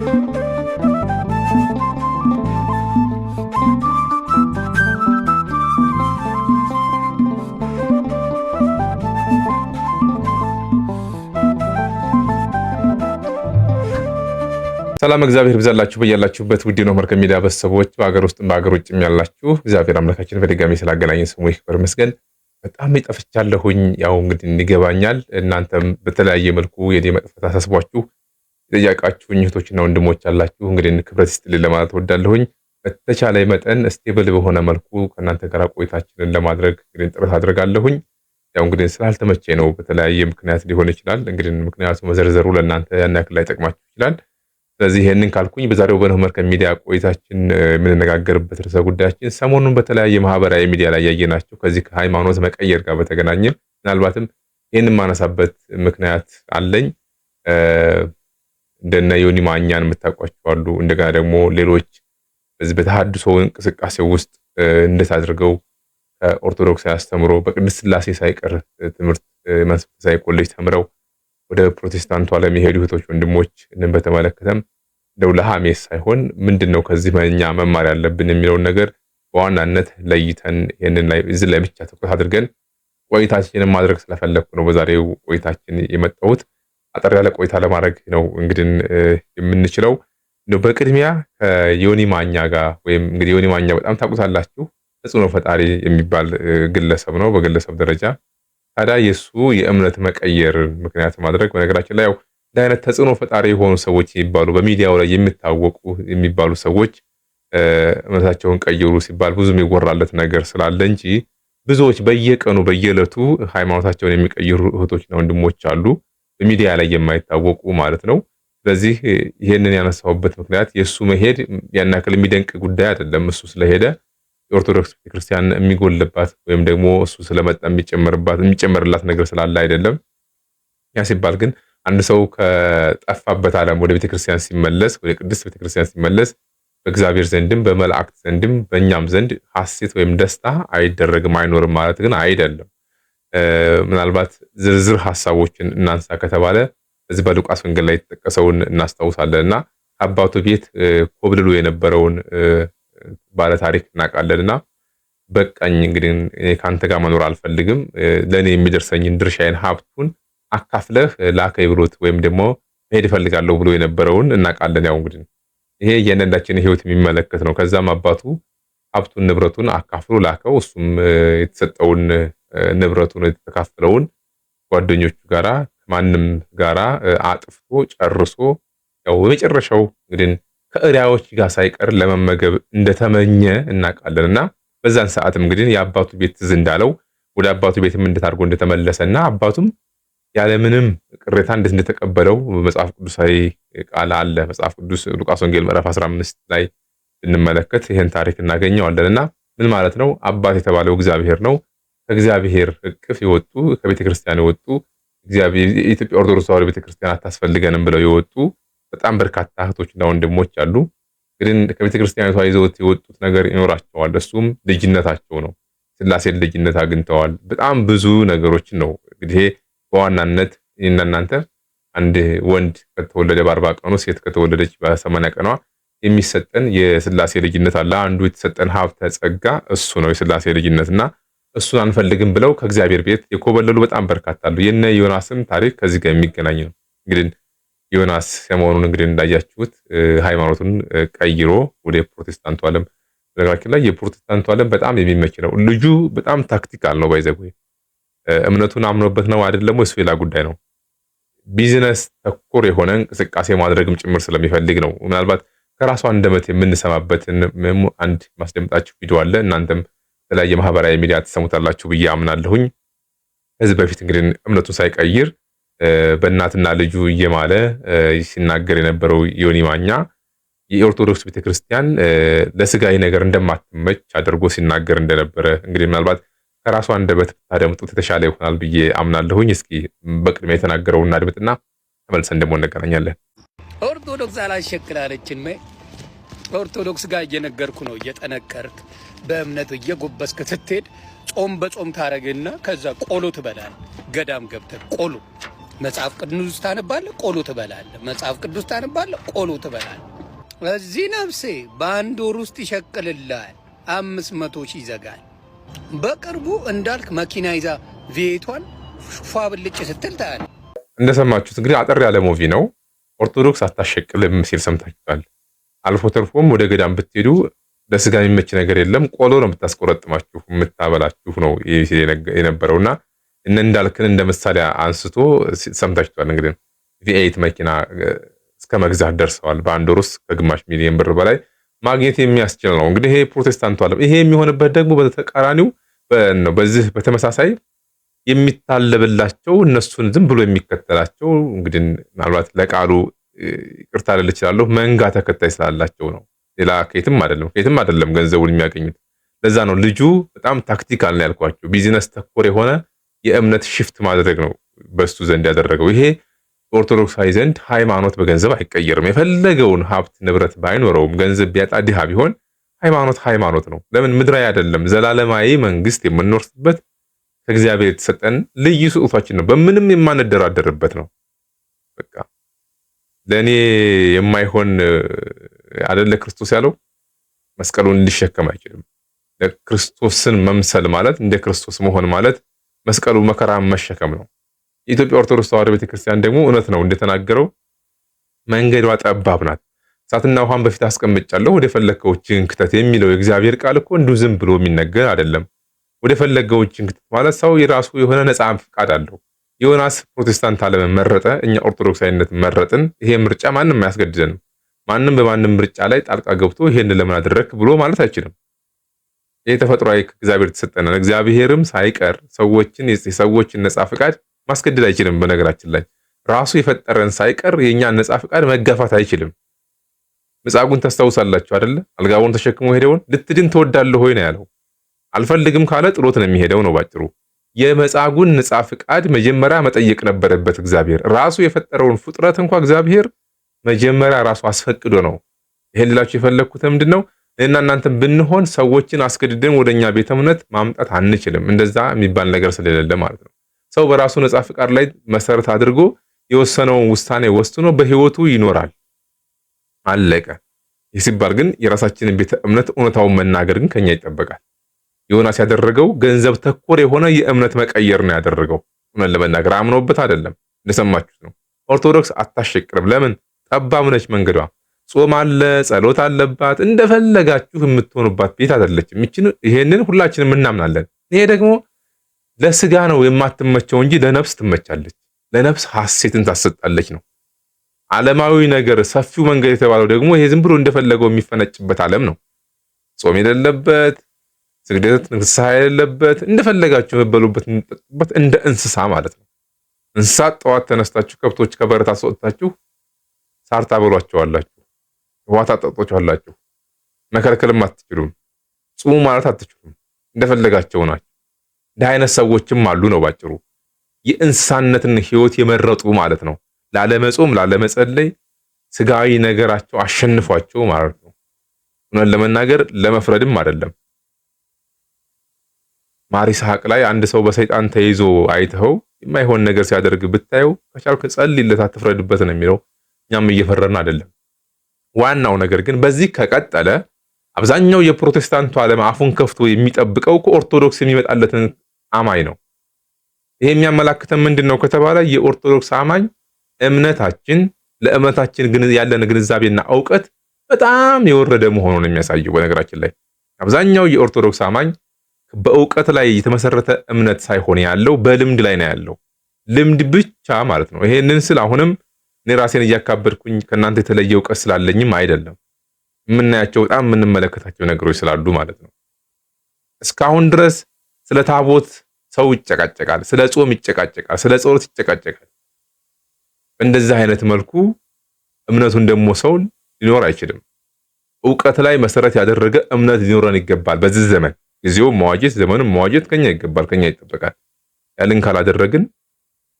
ሰላም እግዚአብሔር ብዛላችሁ በያላችሁበት ውድ ነው መርከብ ሚዲያ በሰቦች በሀገር ውስጥም በሀገር ውጭም ያላችሁ እግዚአብሔር አምላካችን በድጋሚ ስላገናኘን ስሙ ይክበር ይመስገን። በጣም ይጠፍቻለሁኝ። ያው እንግዲህ እንገባኛል። እናንተም በተለያየ መልኩ የኔ መጥፋት አሳስቧችሁ የጠየቃችሁኝ እህቶችና ወንድሞች አላችሁ። እንግዲህ ክብረት ይስጥልኝ ለማለት ወዳለሁኝ። በተቻለ መጠን ስቴብል በሆነ መልኩ ከእናንተ ጋር ቆይታችንን ለማድረግ እንግዲህ ጥረት አድርጋለሁኝ። ያው እንግዲህ ስላልተመቼ ነው፣ በተለያየ ምክንያት ሊሆን ይችላል። እንግዲህ ምክንያቱ መዘርዘሩ ለእናንተ ያን ያክል ላይጠቅማችሁ ይችላል። ስለዚህ ይህንን ካልኩኝ በዛሬው በነሆ መርከብ ሚዲያ ቆይታችን የምንነጋገርበት ርዕሰ ጉዳያችን ሰሞኑን በተለያየ ማህበራዊ ሚዲያ ላይ ያየናቸው ከዚህ ከሃይማኖት መቀየር ጋር በተገናኘ ምናልባትም ይህን የማነሳበት ምክንያት አለኝ። እንደነ ዮኒ ማኛን የምታውቋቸው አሉ። እንደገና ደግሞ ሌሎች በዚህ በተሃድሶ እንቅስቃሴ ውስጥ እንዴት አድርገው ከኦርቶዶክስ አስተምሮ በቅድስት ሥላሴ ሳይቀር ትምህርት መንፈሳዊ ኮሌጅ ተምረው ወደ ፕሮቴስታንቱ ዓለም የሄዱ እህቶች ወንድሞች እንን በተመለከተም እንደው ለሐሜት ሳይሆን ምንድን ነው ከዚህ እኛ መማር ያለብን የሚለውን ነገር በዋናነት ለይተን ይህንን እዚህ ላይ ብቻ ትኩረት አድርገን ቆይታችንን ማድረግ ስለፈለግኩ ነው በዛሬው ቆይታችን የመጣሁት። አጠር ያለ ቆይታ ለማድረግ ነው እንግዲህ የምንችለው። በቅድሚያ ከዮኒ ማኛ ጋር ወይም እንግዲህ ዮኒ ማኛ በጣም ታውቁታላችሁ፣ ተጽዕኖ ፈጣሪ የሚባል ግለሰብ ነው በግለሰብ ደረጃ። ታዲያ የእሱ የእምነት መቀየር ምክንያት ማድረግ በነገራችን ላይ ያው እንደ አይነት ተጽዕኖ ፈጣሪ የሆኑ ሰዎች የሚባሉ በሚዲያው ላይ የሚታወቁ የሚባሉ ሰዎች እምነታቸውን ቀይሩ ሲባል ብዙ የሚወራለት ነገር ስላለ እንጂ ብዙዎች በየቀኑ በየዕለቱ ሃይማኖታቸውን የሚቀይሩ እህቶችና ወንድሞች አሉ። በሚዲያ ላይ የማይታወቁ ማለት ነው። ስለዚህ ይሄንን ያነሳውበት ምክንያት የእሱ መሄድ ያን ያክል የሚደንቅ ጉዳይ አይደለም። እሱ ስለሄደ የኦርቶዶክስ ቤተክርስቲያን የሚጎልባት ወይም ደግሞ እሱ ስለመጣ የሚጨመርላት ነገር ስላለ አይደለም። ያ ሲባል ግን አንድ ሰው ከጠፋበት ዓለም ወደ ቤተክርስቲያን ሲመለስ ወደ ቅድስት ቤተክርስቲያን ሲመለስ በእግዚአብሔር ዘንድም በመላእክት ዘንድም በእኛም ዘንድ ሐሴት ወይም ደስታ አይደረግም አይኖርም ማለት ግን አይደለም። ምናልባት ዝርዝር ሀሳቦችን እናንሳ ከተባለ እዚህ በሉቃስ ወንጌል ላይ የተጠቀሰውን እናስታውሳለን እና ከአባቱ ቤት ኮብልሎ የነበረውን ባለ ታሪክ እናውቃለን እና በቃኝ እንግዲህ ከአንተ ጋር መኖር አልፈልግም፣ ለእኔ የሚደርሰኝን ድርሻዬን ሀብቱን አካፍለህ ላከኝ ብሎት ወይም ደግሞ መሄድ እፈልጋለሁ ብሎ የነበረውን እናውቃለን። ያው እንግዲህ ይሄ የእያንዳንዳችን ህይወት የሚመለከት ነው። ከዛም አባቱ ሀብቱን ንብረቱን አካፍሎ ላከው። እሱም የተሰጠውን ንብረቱን የተካፈለውን ጓደኞቹ ጋራ ከማንም ጋራ አጥፍቶ ጨርሶ ያው በመጨረሻው እንግዲህ ከእሪያዎች ጋር ሳይቀር ለመመገብ እንደተመኘ እናውቃለን። እና በዛን ሰዓትም እንግዲህ የአባቱ ቤት ትዝ እንዳለው ወደ አባቱ ቤትም እንደታርጎ እንደተመለሰ እና አባቱም ያለምንም ቅሬታ እንዴት እንደተቀበለው መጽሐፍ ቅዱሳዊ ቃል አለ። መጽሐፍ ቅዱስ ሉቃስ ወንጌል ምዕራፍ 15 ላይ ብንመለከት ይህን ታሪክ እናገኘዋለን። እና ምን ማለት ነው? አባት የተባለው እግዚአብሔር ነው። ከእግዚአብሔር እቅፍ የወጡ ከቤተ ክርስቲያን የወጡ የኢትዮጵያ ኦርቶዶክስ ተዋሕዶ ቤተ ክርስቲያን አታስፈልገንም ብለው የወጡ በጣም በርካታ እህቶችና ወንድሞች አሉ። ግን ከቤተ ክርስቲያኒቷ ይዘውት የወጡት ነገር ይኖራቸዋል። እሱም ልጅነታቸው ነው። ስላሴን ልጅነት አግኝተዋል። በጣም ብዙ ነገሮችን ነው እንግዲህ በዋናነት እኔና እናንተ አንድ ወንድ ከተወለደ በአርባ ቀኑ ሴት ከተወለደች በሰማንያ ቀኗ የሚሰጠን የስላሴ ልጅነት አለ። አንዱ የተሰጠን ሀብተ ጸጋ እሱ ነው የስላሴ እና እሱን አንፈልግም ብለው ከእግዚአብሔር ቤት የኮበለሉ በጣም በርካታ አሉ። የነ ዮናስም ታሪክ ከዚህ ጋር የሚገናኝ ነው። እንግዲህ ዮናስ ሰሞኑን እንግዲህ እንዳያችሁት ሃይማኖቱን ቀይሮ ወደ ፕሮቴስታንቱ ዓለም በነገራችን ላይ የፕሮቴስታንቱ ዓለም በጣም የሚመች ነው። ልጁ በጣም ታክቲካል ነው። ባይዘጉ እምነቱን አምኖበት ነው አይደል? ደግሞ እሱ ሌላ ጉዳይ ነው። ቢዝነስ ተኮር የሆነ እንቅስቃሴ ማድረግም ጭምር ስለሚፈልግ ነው። ምናልባት ከራሷ አንደበት የምንሰማበትን አንድ ማስደምጣችሁ ቪዲዮ አለ እናንተም በተለያየ ማህበራዊ ሚዲያ ትሰሙታላችሁ ብዬ አምናለሁኝ። ከዚህ በፊት እንግዲህ እምነቱን ሳይቀይር በእናትና ልጁ እየማለ ሲናገር የነበረው ዮኒ ማኛ የኦርቶዶክስ ቤተክርስቲያን ለስጋዊ ነገር እንደማትመች አድርጎ ሲናገር እንደነበረ እንግዲህ ምናልባት ከራሱ አንደበት ብታደምጡት የተሻለ ይሆናል ብዬ አምናለሁኝ። እስኪ በቅድሚያ የተናገረው እናድምጥና ተመልሰን ደግሞ እንገናኛለን። ኦርቶዶክስ አላሸክላለችን ኦርቶዶክስ ጋር እየነገርኩ ነው እየጠነቀርክ በእምነት እየጎበስክ ስትሄድ ጾም በጾም ታደርግና ከዛ ቆሎ ትበላለ ገዳም ገብተህ ቆሎ መጽሐፍ ቅዱስ ታነባለ፣ ቆሎ ትበላለ። መጽሐፍ ቅዱስ ታነባለ፣ ቆሎ ትበላለ። እዚህ ነፍሴ በአንድ ወር ውስጥ ይሸቅልላል። አምስት መቶ ሺህ ይዘጋል። በቅርቡ እንዳልክ መኪና ይዛ ቪቷን ፏ ብልጭ ስትል ታያለ። እንደሰማችሁት እንግዲህ አጠር ያለ ሙቪ ነው። ኦርቶዶክስ አታሸቅልም ሲል ሰምታችኋል። አልፎ ተርፎም ወደ ገዳም ብትሄዱ ለስጋ የሚመች ነገር የለም። ቆሎ ነው የምታስቆረጥማችሁ የምታበላችሁ ነው የነበረው እና እነ እንዳልክን እንደ ምሳሌ አንስቶ ሰምታችኋል። እንግዲህ ቪኤይት መኪና እስከ መግዛት ደርሰዋል። በአንድ ወር ውስጥ ከግማሽ ሚሊዮን ብር በላይ ማግኘት የሚያስችል ነው። እንግዲህ ይሄ ፕሮቴስታንቱ ዓለም ይሄ የሚሆንበት ደግሞ በተቃራኒው በዚህ በተመሳሳይ የሚታለብላቸው እነሱን ዝም ብሎ የሚከተላቸው እንግዲህ ምናልባት ለቃሉ ይቅርታ ልል እችላለሁ መንጋ ተከታይ ስላላቸው ነው። ሌላ ከየትም አይደለም፣ ከየትም አይደለም ገንዘቡን የሚያገኙት። ለዛ ነው ልጁ በጣም ታክቲካል ነው ያልኳቸው። ቢዝነስ ተኮር የሆነ የእምነት ሽፍት ማድረግ ነው በሱ ዘንድ ያደረገው። ይሄ ኦርቶዶክሳዊ ዘንድ ሃይማኖት በገንዘብ አይቀየርም። የፈለገውን ሀብት ንብረት ባይኖረውም ገንዘብ ቢያጣ ድሃ ቢሆን ሃይማኖት ሃይማኖት ነው። ለምን ምድራዊ አይደለም። ዘላለማዊ መንግስት የምንወርስበት ከእግዚአብሔር የተሰጠን ልዩ ስጦታችን ነው። በምንም የማንደራደርበት ነው። በቃ ለእኔ የማይሆን አደለ ክርስቶስ ያለው መስቀሉን ሊሸከም አይችልም። ክርስቶስን መምሰል ማለት እንደ ክርስቶስ መሆን ማለት መስቀሉ መከራ መሸከም ነው። የኢትዮጵያ ኦርቶዶክስ ተዋሕዶ ቤተክርስቲያን ደግሞ እውነት ነው እንደተናገረው መንገዷ ጠባብ ናት። እሳትና ውሃን በፊት አስቀምጫለሁ ወደ ፈለግከው ክተት የሚለው የእግዚአብሔር ቃል እኮ እንዲሁ ዝም ብሎ የሚነገር አይደለም። ወደ ፈለግከው ክተት ማለት ሰው የራሱ የሆነ ነፃ ፍቃድ አለው። ዮናስ ፕሮቴስታንት ዓለምን መረጠ፣ እኛ ኦርቶዶክሳዊነት መረጥን። ይሄ ምርጫ ማንም አያስገድደንም። ማንም በማንም ምርጫ ላይ ጣልቃ ገብቶ ይሄን ለምን ብሎ ማለት አይችልም። ይህ ተፈጥሯዊ እግዚአብሔር የተሰጠነን። እግዚአብሔርም ሳይቀር ሰዎችን የሰዎችን ነጻ ፍቃድ ማስገደድ አይችልም። በነገራችን ላይ ራሱ የፈጠረን ሳይቀር የእኛ ነጻ ፍቃድ መጋፋት አይችልም። ምጻጉን ታስታውሳላችሁ አደለ? አልጋውን ተሸክሞ ሄደውን ልትድን ትወዳለህ ሆይ ነው ያለው። አልፈልግም ካለ ጥሎት ነው የሚሄደው ነው ባጭሩ። የመጻጉን ነጻ ፍቃድ መጀመሪያ መጠየቅ ነበረበት እግዚአብሔር። ራሱ የፈጠረውን ፍጥረት እንኳ እግዚአብሔር መጀመሪያ ራሱ አስፈቅዶ ነው። ይሄን ልላችሁ የፈለግኩት ምንድን ነው እና እናንተም ብንሆን ሰዎችን አስገድደን ወደኛ ቤተ እምነት ማምጣት አንችልም። እንደዛ የሚባል ነገር ስለሌለ ማለት ነው። ሰው በራሱ ነጻ ፍቃድ ላይ መሰረት አድርጎ የወሰነውን ውሳኔ ወስኖ በህይወቱ ይኖራል። አለቀ። ይህ ሲባል ግን የራሳችንን ቤተ እምነት እውነታውን መናገር ግን ከኛ ይጠበቃል። ዮናስ ያደረገው ገንዘብ ተኮር የሆነ የእምነት መቀየር ነው ያደረገው። እውነት ለመናገር አምኖበት አይደለም። እንደሰማችሁት ነው። ኦርቶዶክስ አታሸቅርም። ለምን ጠባብ ነች መንገዷ። ጾም አለ፣ ጸሎት አለባት። እንደፈለጋችሁ የምትሆኑባት ቤት አይደለችም። ይሄንን ሁላችንም እናምናለን። ይሄ ደግሞ ለስጋ ነው የማትመቸው እንጂ ለነፍስ ትመቻለች። ለነፍስ ሐሴትን ታሰጣለች ነው። ዓለማዊ ነገር ሰፊው መንገድ የተባለው ደግሞ ይሄ ዝም ብሎ እንደፈለገው የሚፈነጭበት ዓለም ነው። ጾም የሌለበት ስግደት፣ ንስሐ የሌለበት እንደፈለጋችሁ የምትበሉበት የምትጠጡበት እንደ እንስሳ ማለት ነው። እንስሳት ጠዋት ተነስታችሁ ከብቶች ከበረታ አስወጥታችሁ ሳር ታበሏቸዋላችሁ፣ ውሃ ታጠጧቸዋላችሁ፣ መከልከልም አትችሉም፣ ጽሙ ማለት አትችሉም። እንደፈለጋቸው ናቸው። እንዲህ አይነት ሰዎችም አሉ ነው ባጭሩ። የእንስሳነትን ህይወት የመረጡ ማለት ነው። ላለመጾም፣ ላለመጸለይ ስጋዊ ነገራቸው አሸንፏቸው ማለት ነው። እውነት ለመናገር ለመፍረድም አይደለም። ማር ይስሐቅ ላይ አንድ ሰው በሰይጣን ተይዞ አይተኸው የማይሆን ነገር ሲያደርግ ብታየው ከቻልክ ጸልይለት፣ አትፍረድበት ነው የሚለው። እኛም እየፈረን አይደለም። ዋናው ነገር ግን በዚህ ከቀጠለ አብዛኛው የፕሮቴስታንቱ ዓለም አፉን ከፍቶ የሚጠብቀው ከኦርቶዶክስ የሚመጣለትን አማኝ ነው። ይሄ የሚያመላክተን ምንድን ነው ከተባለ የኦርቶዶክስ አማኝ እምነታችን ለእምነታችን ያለን ግንዛቤና እውቀት በጣም የወረደ መሆኑን የሚያሳየው። በነገራችን ላይ አብዛኛው የኦርቶዶክስ አማኝ በእውቀት ላይ የተመሰረተ እምነት ሳይሆን ያለው በልምድ ላይ ነው ያለው። ልምድ ብቻ ማለት ነው። ይሄንን ስል አሁንም እኔ ራሴን እያካበድኩኝ ከእናንተ የተለየ እውቀት ስላለኝም አይደለም። የምናያቸው በጣም የምንመለከታቸው ነገሮች ስላሉ ማለት ነው። እስካሁን ድረስ ስለ ታቦት ሰው ይጨቃጨቃል፣ ስለ ጾም ይጨቃጨቃል፣ ስለ ጸሎት ይጨቃጨቃል። በእንደዚህ አይነት መልኩ እምነቱን ደግሞ ሰው ሊኖር አይችልም። እውቀት ላይ መሰረት ያደረገ እምነት ሊኖረን ይገባል። በዚህ ዘመን ጊዜው መዋጀት፣ ዘመኑ መዋጀት ከኛ ይገባል፣ ከኛ ይጠበቃል። ያልን ካላደረግን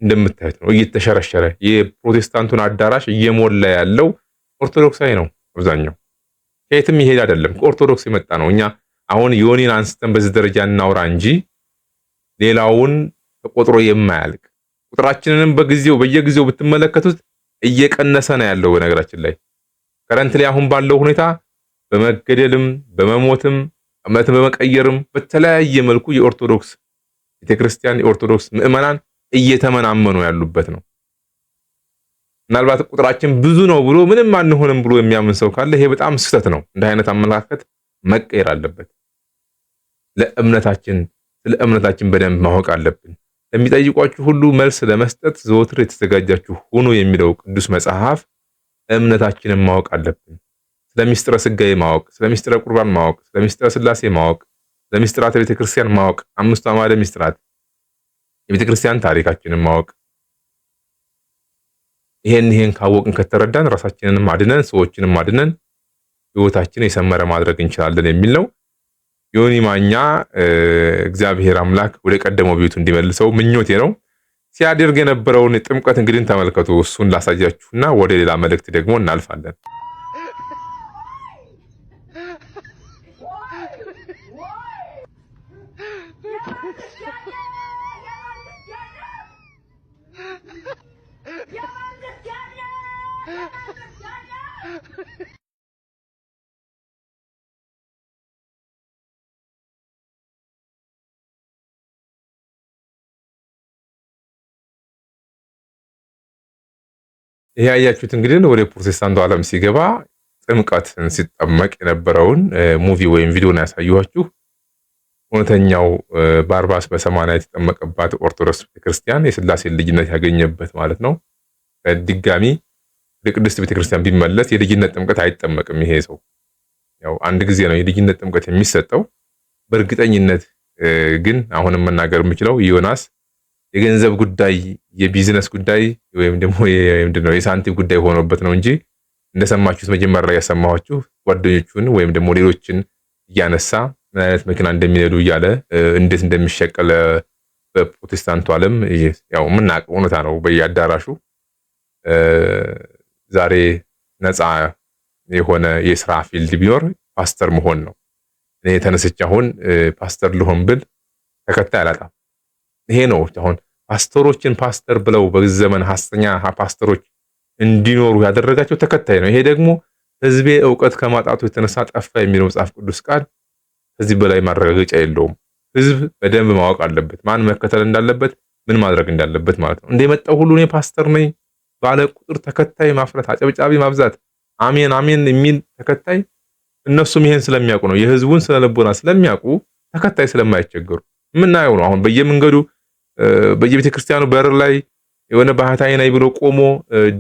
እንደምታዩት ነው እየተሸረሸረ የፕሮቴስታንቱን አዳራሽ እየሞላ ያለው ኦርቶዶክሳዊ ነው። አብዛኛው ከየትም ይሄድ አይደለም፣ ከኦርቶዶክስ የመጣ ነው። እኛ አሁን ዮኒን አንስተን በዚህ ደረጃ እናውራ እንጂ ሌላውን ተቆጥሮ የማያልቅ ቁጥራችንንም በጊዜው በየጊዜው ብትመለከቱት እየቀነሰ ነው ያለው። በነገራችን ላይ ከረንት ላይ አሁን ባለው ሁኔታ በመገደልም በመሞትም እምነትን በመቀየርም በተለያየ መልኩ የኦርቶዶክስ ቤተክርስቲያን የኦርቶዶክስ ምዕመናን እየተመናመኑ ያሉበት ነው። ምናልባት ቁጥራችን ብዙ ነው ብሎ ምንም አንሆንም ብሎ የሚያምን ሰው ካለ ይሄ በጣም ስህተት ነው። እንደ አይነት አመለካከት መቀየር አለበት። ለእምነታችን ስለ እምነታችን በደንብ ማወቅ አለብን። ለሚጠይቋችሁ ሁሉ መልስ ለመስጠት ዘወትር የተዘጋጃችሁ ሁኑ የሚለው ቅዱስ መጽሐፍ እምነታችንን ማወቅ አለብን። ስለ ምስጢረ ማወቅ፣ ስለ ቁርባን ማወቅ፣ ስለ ምስጢረ ማወቅ፣ ስለ ምስጢራተ ቤተክርስቲያን ማወቅ አምስቱ አዕማደ ሚስጥራት የቤተ ክርስቲያን ታሪካችንን ማወቅ ይሄን ይሄን ካወቅን ከተረዳን ራሳችንንም አድነን ሰዎችንም አድነን ህይወታችንን የሰመረ ማድረግ እንችላለን የሚል ነው። ዮኒ ማኛ እግዚአብሔር አምላክ ወደ ቀደመው ቤቱ እንዲመልሰው ምኞቴ ነው። ሲያደርግ የነበረውን ጥምቀት እንግዲህ ተመልከቱ። እሱን ላሳያችሁና ወደ ሌላ መልእክት ደግሞ እናልፋለን። ያያችሁት እንግዲህ ወደ ፕሮቴስታንቱ ዓለም ሲገባ ጥምቀትን ሲጠመቅ የነበረውን ሙቪ ወይም ነው ያሳየኋችሁ እውነተኛው በአርባስ በሰማንያ የተጠመቀባት ኦርቶዶክስ ቤተክርስቲያን የስላሴን ልጅነት ያገኘበት ማለት ነው። ድጋሚ ወደ ቅድስት ቤተክርስቲያን ቢመለስ የልጅነት ጥምቀት አይጠመቅም። ይሄ ሰው ያው አንድ ጊዜ ነው የልጅነት ጥምቀት የሚሰጠው። በእርግጠኝነት ግን አሁንም መናገር የምችለው ዮናስ የገንዘብ ጉዳይ፣ የቢዝነስ ጉዳይ ወይም ደግሞ ምንድነው የሳንቲም ጉዳይ ሆኖበት ነው እንጂ እንደሰማችሁት መጀመሪያ ላይ ያሰማኋችሁ ጓደኞቹን ወይም ደግሞ ሌሎችን እያነሳ ምን አይነት መኪና እንደሚነዱ እያለ እንዴት እንደሚሸቀለ በፕሮቴስታንቱ ዓለም ያው የምናውቀው እውነታ ነው። በየአዳራሹ ዛሬ ነፃ የሆነ የስራ ፊልድ ቢኖር ፓስተር መሆን ነው። እኔ የተነስቼ አሁን ፓስተር ልሆን ብል ተከታይ አላጣም። ይሄ ነው አሁን ፓስተሮችን ፓስተር ብለው በዘመን ዘመን ሐሰተኛ ፓስተሮች እንዲኖሩ ያደረጋቸው ተከታይ ነው። ይሄ ደግሞ ህዝቤ እውቀት ከማጣቱ የተነሳ ጠፋ የሚለው መጽሐፍ ቅዱስ ቃል ከዚህ በላይ ማረጋገጫ የለውም። ህዝብ በደንብ ማወቅ አለበት፣ ማን መከተል እንዳለበት፣ ምን ማድረግ እንዳለበት ማለት ነው። እንደመጣው ሁሉ እኔ ፓስተር ነኝ ባለ ቁጥር ተከታይ ማፍረት አጨብጫቢ ማብዛት፣ አሜን አሜን የሚል ተከታይ እነሱም ይሄን ስለሚያውቁ ነው የህዝቡን ስነ ስለሚያቁ ስለሚያውቁ ተከታይ ስለማይቸገሩ የምናየው ነው አሁን በየመንገዱ በየቤተ ክርስቲያኑ በር ላይ የሆነ ባህታይ ናይ ብሎ ቆሞ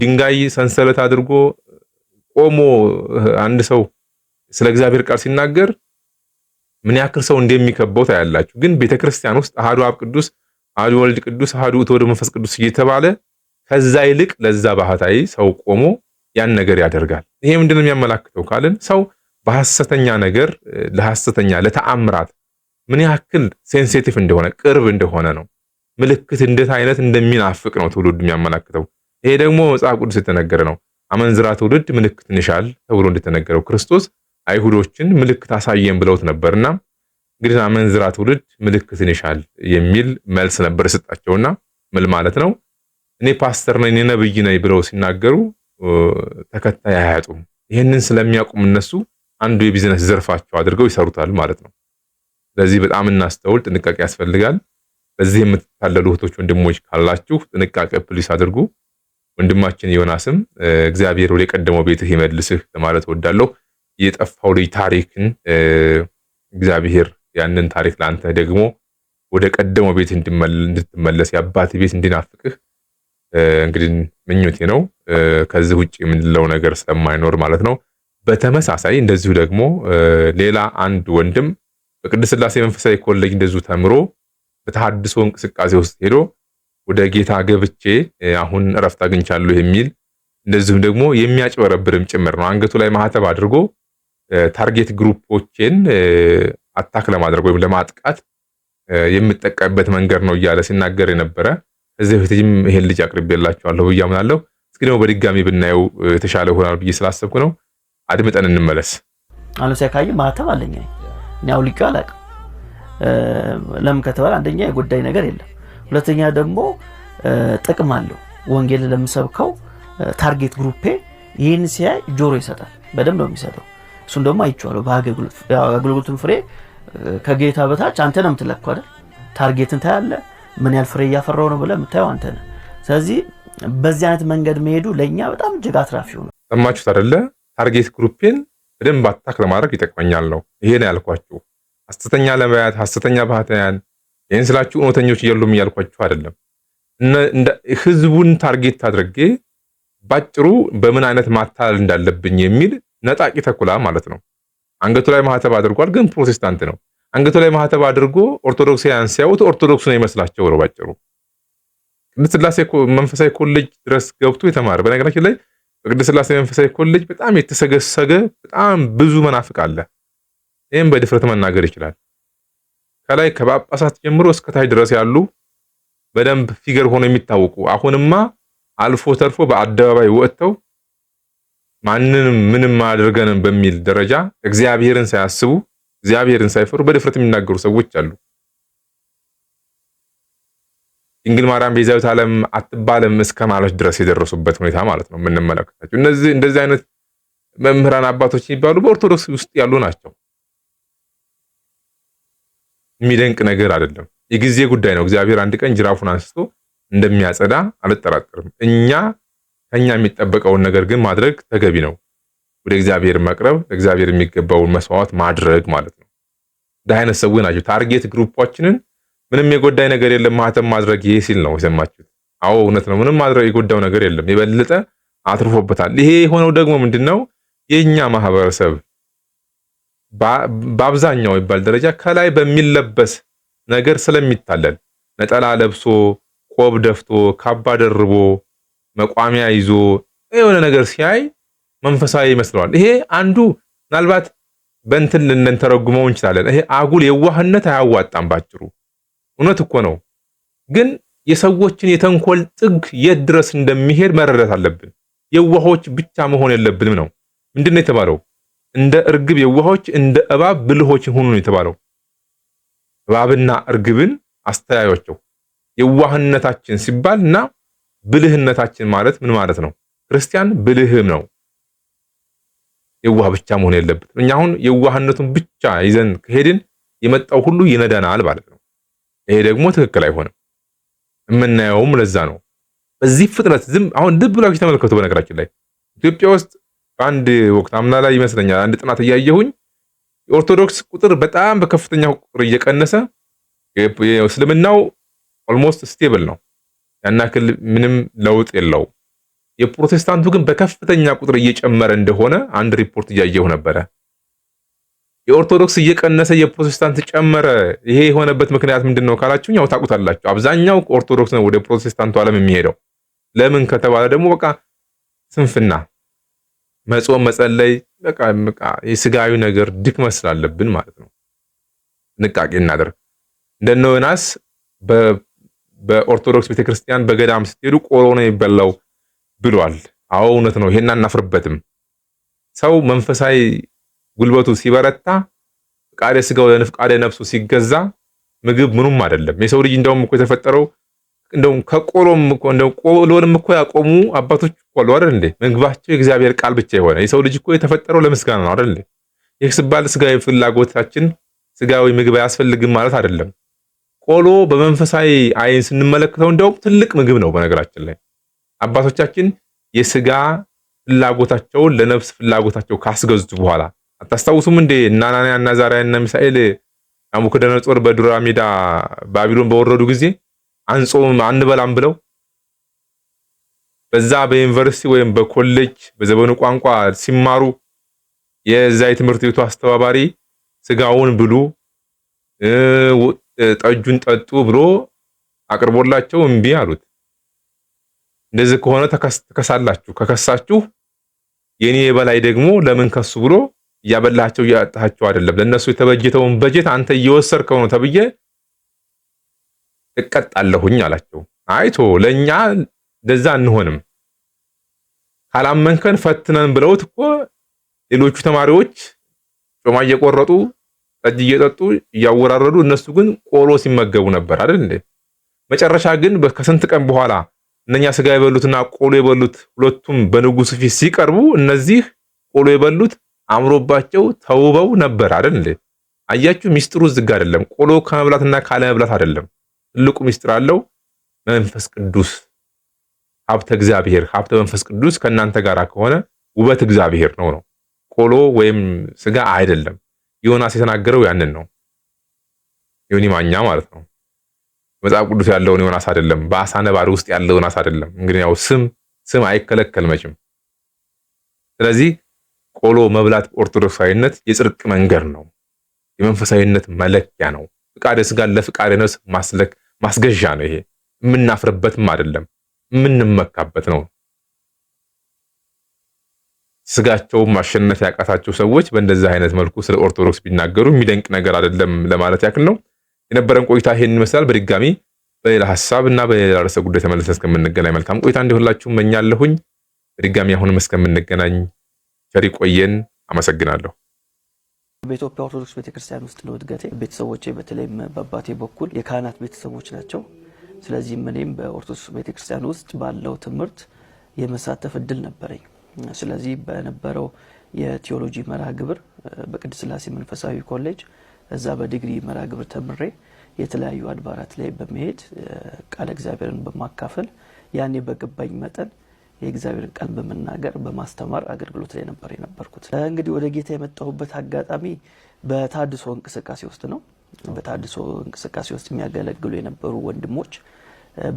ድንጋይ ሰንሰለት አድርጎ ቆሞ አንድ ሰው ስለ እግዚአብሔር ቃል ሲናገር ምን ያክል ሰው እንደሚከበው ታያላችሁ። ግን ቤተክርስቲያን ውስጥ አሐዱ አብ ቅዱስ፣ አሐዱ ወልድ ቅዱስ፣ አሐዱ ውእቱ መንፈስ ቅዱስ እየተባለ ከዛ ይልቅ ለዛ ባህታይ ሰው ቆሞ ያን ነገር ያደርጋል። ይሄ ምንድነው የሚያመላክተው ካልን ሰው በሐሰተኛ ነገር ለሐሰተኛ ለተአምራት ምን ያክል ሴንሲቲቭ እንደሆነ ቅርብ እንደሆነ ነው። ምልክት እንዴት አይነት እንደሚናፍቅ ነው ትውልድ የሚያመላክተው። ይሄ ደግሞ መጽሐፍ ቅዱስ የተነገረ ነው። አመንዝራ ትውልድ ምልክትን ይሻል ተብሎ እንደተነገረው ክርስቶስ አይሁዶችን ምልክት አሳየን ብለውት ነበርና እንግዲህ አመንዝራ ትውልድ ምልክትን ይሻል የሚል መልስ ነበር የሰጣቸውና ምን ማለት ነው? እኔ ፓስተር ነኝ ነብይ ነኝ ብለው ሲናገሩ ተከታይ አያጡም። ይህንን ስለሚያውቁም እነሱ አንዱ የቢዝነስ ዘርፋቸው አድርገው ይሰሩታል ማለት ነው። ስለዚህ በጣም እናስተውል፣ ጥንቃቄ ያስፈልጋል። በዚህ የምትታለሉ እህቶች ወንድሞች ካላችሁ ጥንቃቄ ፕሊስ አድርጉ። ወንድማችን ዮናስም እግዚአብሔር ወደ ቀደመው ቤትህ ይመልስህ ለማለት ወዳለሁ የጠፋው ልጅ ታሪክን እግዚአብሔር ያንን ታሪክ ለአንተ ደግሞ ወደ ቀደመው ቤት እንድትመለስ የአባት ቤት እንድናፍቅህ እንግዲህ ምኞቴ ነው። ከዚህ ውጭ የምንለው ነገር ስለማይኖር ማለት ነው። በተመሳሳይ እንደዚሁ ደግሞ ሌላ አንድ ወንድም በቅድስት ስላሴ መንፈሳዊ ኮሌጅ እንደዚሁ ተምሮ በተሐድሶ እንቅስቃሴ ውስጥ ሄዶ ወደ ጌታ ገብቼ አሁን እረፍት አግኝቻለሁ የሚል እንደዚሁም ደግሞ የሚያጭበረብርም ጭምር ነው። አንገቱ ላይ ማህተብ አድርጎ ታርጌት ግሩፖችን አታክ ለማድረግ ወይም ለማጥቃት የምጠቀምበት መንገድ ነው እያለ ሲናገር የነበረ ከዚህ በፊትም ይሄን ልጅ አቅርቤላቸዋለሁ ብዬ አምናለሁ። እስኪ ደግሞ በድጋሚ ብናየው የተሻለ ይሆናል ብዬ ስላሰብኩ ነው። አድምጠን እንመለስ። አነስ ያካይ ማህተብ አለኝ ያው ሊቀ አላውቅም ለምን ከተባለ አንደኛ የጉዳይ ነገር የለም፣ ሁለተኛ ደግሞ ጥቅም አለው። ወንጌል ለምሰብከው ታርጌት ግሩፔ ይህን ሲያይ ጆሮ ይሰጣል። በደንብ ነው የሚሰጠው። እሱን ደግሞ አይቼዋለሁ። በአገልግሎቱን ፍሬ ከጌታ በታች አንተ ነው የምትለካው አይደል? ታርጌትን ታያለ። ምን ያህል ፍሬ እያፈራው ነው ብለህ የምታየው አንተ ነህ። ስለዚህ በዚህ አይነት መንገድ መሄዱ ለእኛ በጣም እጅግ አትራፊ ነው። ሰማችሁት አደለ? ታርጌት ግሩፔን በደንብ አታክ ለማድረግ ይጠቅመኛል ነው ይሄን ያልኳችሁ። ሐሰተኛ ነቢያት፣ ሐሰተኛ ባህታውያን። ይህን ስላችሁ እውነተኞች የሉም እያልኳችሁ አይደለም። ህዝቡን ታርጌት አድርጌ ባጭሩ በምን አይነት ማታለል እንዳለብኝ የሚል ነጣቂ ተኩላ ማለት ነው። አንገቱ ላይ ማህተብ አድርጓል፣ ግን ፕሮቴስታንት ነው። አንገቱ ላይ ማህተብ አድርጎ ኦርቶዶክሳውያን ሲያዩት ኦርቶዶክስ ነው ይመስላቸው ነው ባጭሩ። ቅድስት ስላሴ መንፈሳዊ ኮሌጅ ድረስ ገብቶ የተማረ በነገራችን ላይ በቅድስት ስላሴ መንፈሳዊ ኮሌጅ በጣም የተሰገሰገ በጣም ብዙ መናፍቅ አለ። ይህም በድፍረት መናገር ይችላል። ከላይ ከጳጳሳት ጀምሮ እስከ ታች ድረስ ያሉ በደንብ ፊገር ሆኖ የሚታወቁ አሁንማ አልፎ ተርፎ በአደባባይ ወጥተው ማንንም ምንም አድርገንም በሚል ደረጃ እግዚአብሔርን ሳያስቡ እግዚአብሔርን ሳይፈሩ በድፍረት የሚናገሩ ሰዎች አሉ። ድንግል ማርያም ቤዛዊት ዓለም አትባልም እስከ ማለት ድረስ የደረሱበት ሁኔታ ማለት ነው የምንመለከታቸው። እነዚህ እንደዚህ አይነት መምህራን አባቶች የሚባሉ በኦርቶዶክስ ውስጥ ያሉ ናቸው። የሚደንቅ ነገር አይደለም። የጊዜ ጉዳይ ነው። እግዚአብሔር አንድ ቀን ጅራፉን አንስቶ እንደሚያጸዳ አልጠራጠርም። እኛ ከኛ የሚጠበቀውን ነገር ግን ማድረግ ተገቢ ነው። ወደ እግዚአብሔር መቅረብ፣ ለእግዚአብሔር የሚገባውን መስዋዕት ማድረግ ማለት ነው። እንደ አይነት ሰዎች ናቸው። ታርጌት ግሩፓችንን ምንም የጎዳይ ነገር የለም ማህተም ማድረግ ይሄ ሲል ነው የሰማችሁት። አዎ እውነት ነው። ምንም ማድረግ የጎዳው ነገር የለም። የበለጠ አትርፎበታል። ይሄ የሆነው ደግሞ ምንድን ነው? የእኛ ማህበረሰብ በአብዛኛው የሚባል ደረጃ ከላይ በሚለበስ ነገር ስለሚታለል ነጠላ ለብሶ ቆብ ደፍቶ ካባ ደርቦ መቋሚያ ይዞ የሆነ ነገር ሲያይ መንፈሳዊ ይመስለዋል። ይሄ አንዱ ምናልባት በእንትን ልንተረጉመው እንችላለን። ይሄ አጉል የዋህነት አያዋጣም። ባጭሩ እውነት እኮ ነው፣ ግን የሰዎችን የተንኮል ጥግ የት ድረስ እንደሚሄድ መረዳት አለብን። የዋሆች ብቻ መሆን የለብንም ነው ምንድነው የተባለው? እንደ እርግብ የዋሆች እንደ እባብ ብልሆች ሁኑ ነው የተባለው። እባብና እርግብን አስተያያቸው የዋህነታችን ሲባል እና ብልህነታችን ማለት ምን ማለት ነው? ክርስቲያን ብልህም ነው። የዋህ ብቻ መሆን የለበትም። እኛ አሁን የዋህነቱን ብቻ ይዘን ከሄድን የመጣው ሁሉ ይነዳናል ማለት ነው። ይሄ ደግሞ ትክክል አይሆንም። የምናየውም ለዛ ነው። በዚህ ፍጥነት ዝም አሁን ልብ ብላችሁ ተመልከቱ። በነገራችን ላይ ኢትዮጵያ ውስጥ በአንድ ወቅት አምና ላይ ይመስለኛል አንድ ጥናት እያየሁኝ የኦርቶዶክስ ቁጥር በጣም በከፍተኛ ቁጥር እየቀነሰ እስልምናው ኦልሞስት ስቴብል ነው፣ ያናክል ምንም ለውጥ የለው። የፕሮቴስታንቱ ግን በከፍተኛ ቁጥር እየጨመረ እንደሆነ አንድ ሪፖርት እያየሁ ነበረ። የኦርቶዶክስ እየቀነሰ የፕሮቴስታንት ጨመረ። ይሄ የሆነበት ምክንያት ምንድን ነው ካላችሁ ያው ታውቁታላችሁ። አብዛኛው ኦርቶዶክስ ነው ወደ ፕሮቴስታንቱ ዓለም የሚሄደው ለምን ከተባለ ደግሞ በቃ ስንፍና መጾም መጸለይ በቃ በቃ የስጋዊ ነገር ድክመት ስላለብን ማለት ነው። ጥንቃቄ እናደርግ። እንደነ ዮናስ በኦርቶዶክስ ቤተክርስቲያን በገዳም ስትሄዱ ቆሎ ነው የሚበላው ብሏል። አዎ እውነት ነው። ይሄን አናፍርበትም። ሰው መንፈሳዊ ጉልበቱ ሲበረታ ፍቃደ ስጋው ለፍቃደ ነፍሱ ሲገዛ ምግብ ምኑም አይደለም። የሰው ልጅ እንደውም እኮ የተፈጠረው እንደውም ከቆሎም እኮ እንደው ቆሎንም እኮ ያቆሙ አባቶች ቆሎ አይደል እንዴ? ምግባቸው የእግዚአብሔር ቃል ብቻ የሆነ የሰው ልጅ እኮ የተፈጠረው ለምስጋና ነው አይደል እንዴ? ይህ ሲባል ስጋዊ ፍላጎታችን ስጋዊ ምግብ አያስፈልግም ማለት አይደለም። ቆሎ በመንፈሳዊ አይን ስንመለከተው እንደውም ትልቅ ምግብ ነው። በነገራችን ላይ አባቶቻችን የስጋ ፍላጎታቸውን ለነፍስ ፍላጎታቸው ካስገዙት በኋላ አታስታውሱም እንዴ? እና አናንያ እና አዛርያ እና ሚሳኤል ናቡከደነጾር በዱራ ሜዳ ባቢሎን በወረዱ ጊዜ አንድ አንበላም ብለው በዛ በዩኒቨርሲቲ ወይም በኮሌጅ በዘመኑ ቋንቋ ሲማሩ የዛ የትምህርት ቤቱ አስተባባሪ ስጋውን ብሉ ጠጁን ጠጡ ብሎ አቅርቦላቸው እምቢ አሉት። እንደዚህ ከሆነ ተከሳላችሁ። ከከሳችሁ የኔ የበላይ ደግሞ ለምን ከሱ ብሎ እያበላቸው እያጣሃቸው አይደለም ለእነሱ የተበጀተውን በጀት አንተ እየወሰድከው ነው ተብዬ እቀጣለሁኝ አላቸው። አይቶ ለእኛ እንደዛ እንሆንም ካላመንከን ፈትነን ብለውት እኮ ሌሎቹ ተማሪዎች ጮማ እየቆረጡ ጠጅ እየጠጡ እያወራረዱ እነሱ ግን ቆሎ ሲመገቡ ነበር አይደል እንዴ? መጨረሻ ግን ከስንት ቀን በኋላ እነኛ ስጋ የበሉትና ቆሎ የበሉት ሁለቱም በንጉሱ ፊት ሲቀርቡ እነዚህ ቆሎ የበሉት አምሮባቸው ተውበው ነበር አይደል እንዴ? አያችሁ፣ ሚስጥሩ ዝግ አይደለም። ቆሎ ከመብላትና ካለመብላት አይደለም። ትልቁ ምስጢር አለው መንፈስ ቅዱስ ሀብተ እግዚአብሔር ሀብተ መንፈስ ቅዱስ ከእናንተ ጋር ከሆነ ውበት እግዚአብሔር ነው ነው ቆሎ ወይም ስጋ አይደለም። ዮናስ የተናገረው ያንን ነው። ዮኒ ማኛ ማለት ነው። መጽሐፍ ቅዱስ ያለውን ዮናስ አይደለም። በአሳ ነባሪ ውስጥ ያለው ዮናስ አይደለም። እንግዲህ ያው ስም ስም አይከለከል መቼም። ስለዚህ ቆሎ መብላት ኦርቶዶክሳዊነት የጽድቅ መንገድ ነው። የመንፈሳዊነት መለኪያ ነው። ፍቃደ ስጋን ለፍቃደ ነፍስ ማስለክ ማስገዣ ነው። ይሄ የምናፍርበትም አይደለም የምንመካበት ነው። ስጋቸው ማሸነፍ ያቃታቸው ሰዎች በእንደዚህ አይነት መልኩ ስለ ኦርቶዶክስ ቢናገሩ የሚደንቅ ነገር አይደለም ለማለት ያክል ነው። የነበረን ቆይታ ይሄን ይመስላል። በድጋሚ በሌላ ሀሳብ እና በሌላ ርዕሰ ጉዳይ ተመልሰን እስከምንገናኝ መልካም ቆይታ እንዲሆንላችሁ እመኛለሁ። በድጋሚ አሁንም እስከምንገናኝ ቸር ይቆየን። አመሰግናለሁ። በኢትዮጵያ ኦርቶዶክስ ቤተክርስቲያን ውስጥ ነው ቤተሰቦቼ በተለይም በአባቴ በኩል የካህናት ቤተሰቦች ናቸው። ስለዚህም እኔም በኦርቶዶክስ ቤተክርስቲያን ውስጥ ባለው ትምህርት የመሳተፍ እድል ነበረኝ። ስለዚህ በነበረው የቴዎሎጂ መርሃ ግብር በቅድስት ስላሴ መንፈሳዊ ኮሌጅ እዛ በዲግሪ መርሃ ግብር ተምሬ የተለያዩ አድባራት ላይ በመሄድ ቃለ እግዚአብሔርን በማካፈል ያኔ በገባኝ መጠን የእግዚአብሔርን ቃል በመናገር በማስተማር አገልግሎት ላይ ነበር የነበርኩት። እንግዲህ ወደ ጌታ የመጣሁበት አጋጣሚ በታድሶ እንቅስቃሴ ውስጥ ነው። በታድሶ እንቅስቃሴ ውስጥ የሚያገለግሉ የነበሩ ወንድሞች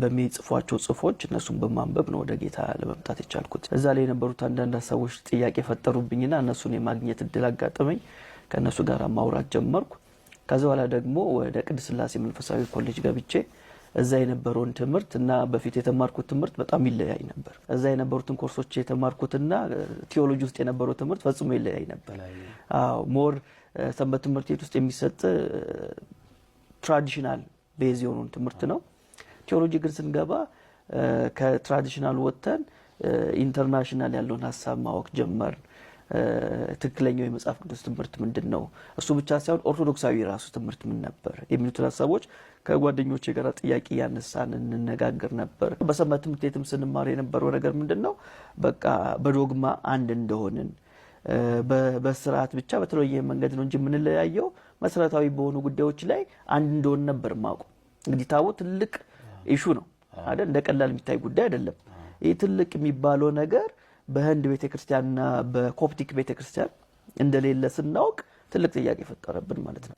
በሚጽፏቸው ጽሁፎች እነሱን በማንበብ ነው ወደ ጌታ ለመምጣት የቻልኩት። እዛ ላይ የነበሩት አንዳንድ ሰዎች ጥያቄ ፈጠሩብኝና እነሱን የማግኘት እድል አጋጠመኝ። ከእነሱ ጋር ማውራት ጀመርኩ። ከዚ በኋላ ደግሞ ወደ ቅድስት ስላሴ መንፈሳዊ ኮሌጅ ገብቼ እዛ የነበረውን ትምህርት እና በፊት የተማርኩት ትምህርት በጣም ይለያይ ነበር። እዛ የነበሩትን ኮርሶች የተማርኩትና ቴዎሎጂ ውስጥ የነበረው ትምህርት ፈጽሞ ይለያይ ነበር። አዎ ሞር ሰንበት ትምህርት ቤት ውስጥ የሚሰጥ ትራዲሽናል ቤዝ የሆኑን ትምህርት ነው። ቴዎሎጂ ግን ስንገባ ከትራዲሽናል ወጥተን ኢንተርናሽናል ያለውን ሀሳብ ማወቅ ጀመር። ትክክለኛው የመጽሐፍ ቅዱስ ትምህርት ምንድን ነው? እሱ ብቻ ሳይሆን ኦርቶዶክሳዊ የራሱ ትምህርት ምን ነበር? የሚሉትን ሀሳቦች ከጓደኞቼ ጋር ጥያቄ ያነሳን እንነጋገር ነበር። በሰንበት ትምህርት ቤትም ስንማር የነበረው ነገር ምንድን ነው? በቃ በዶግማ አንድ እንደሆንን በስርዓት ብቻ በተለየ መንገድ ነው እንጂ የምንለያየው መሰረታዊ በሆኑ ጉዳዮች ላይ አንድ እንደሆን ነበር ማቁ። እንግዲህ ታቦት ትልቅ ኢሹ ነው አይደል? እንደ ቀላል የሚታይ ጉዳይ አይደለም። ይህ ትልቅ የሚባለው ነገር በህንድ ክርስቲያንና በኮፕቲክ ቤተክርስቲያን እንደሌለ ስናውቅ ትልቅ ጥያቄ ፈጠረብን ማለት ነው።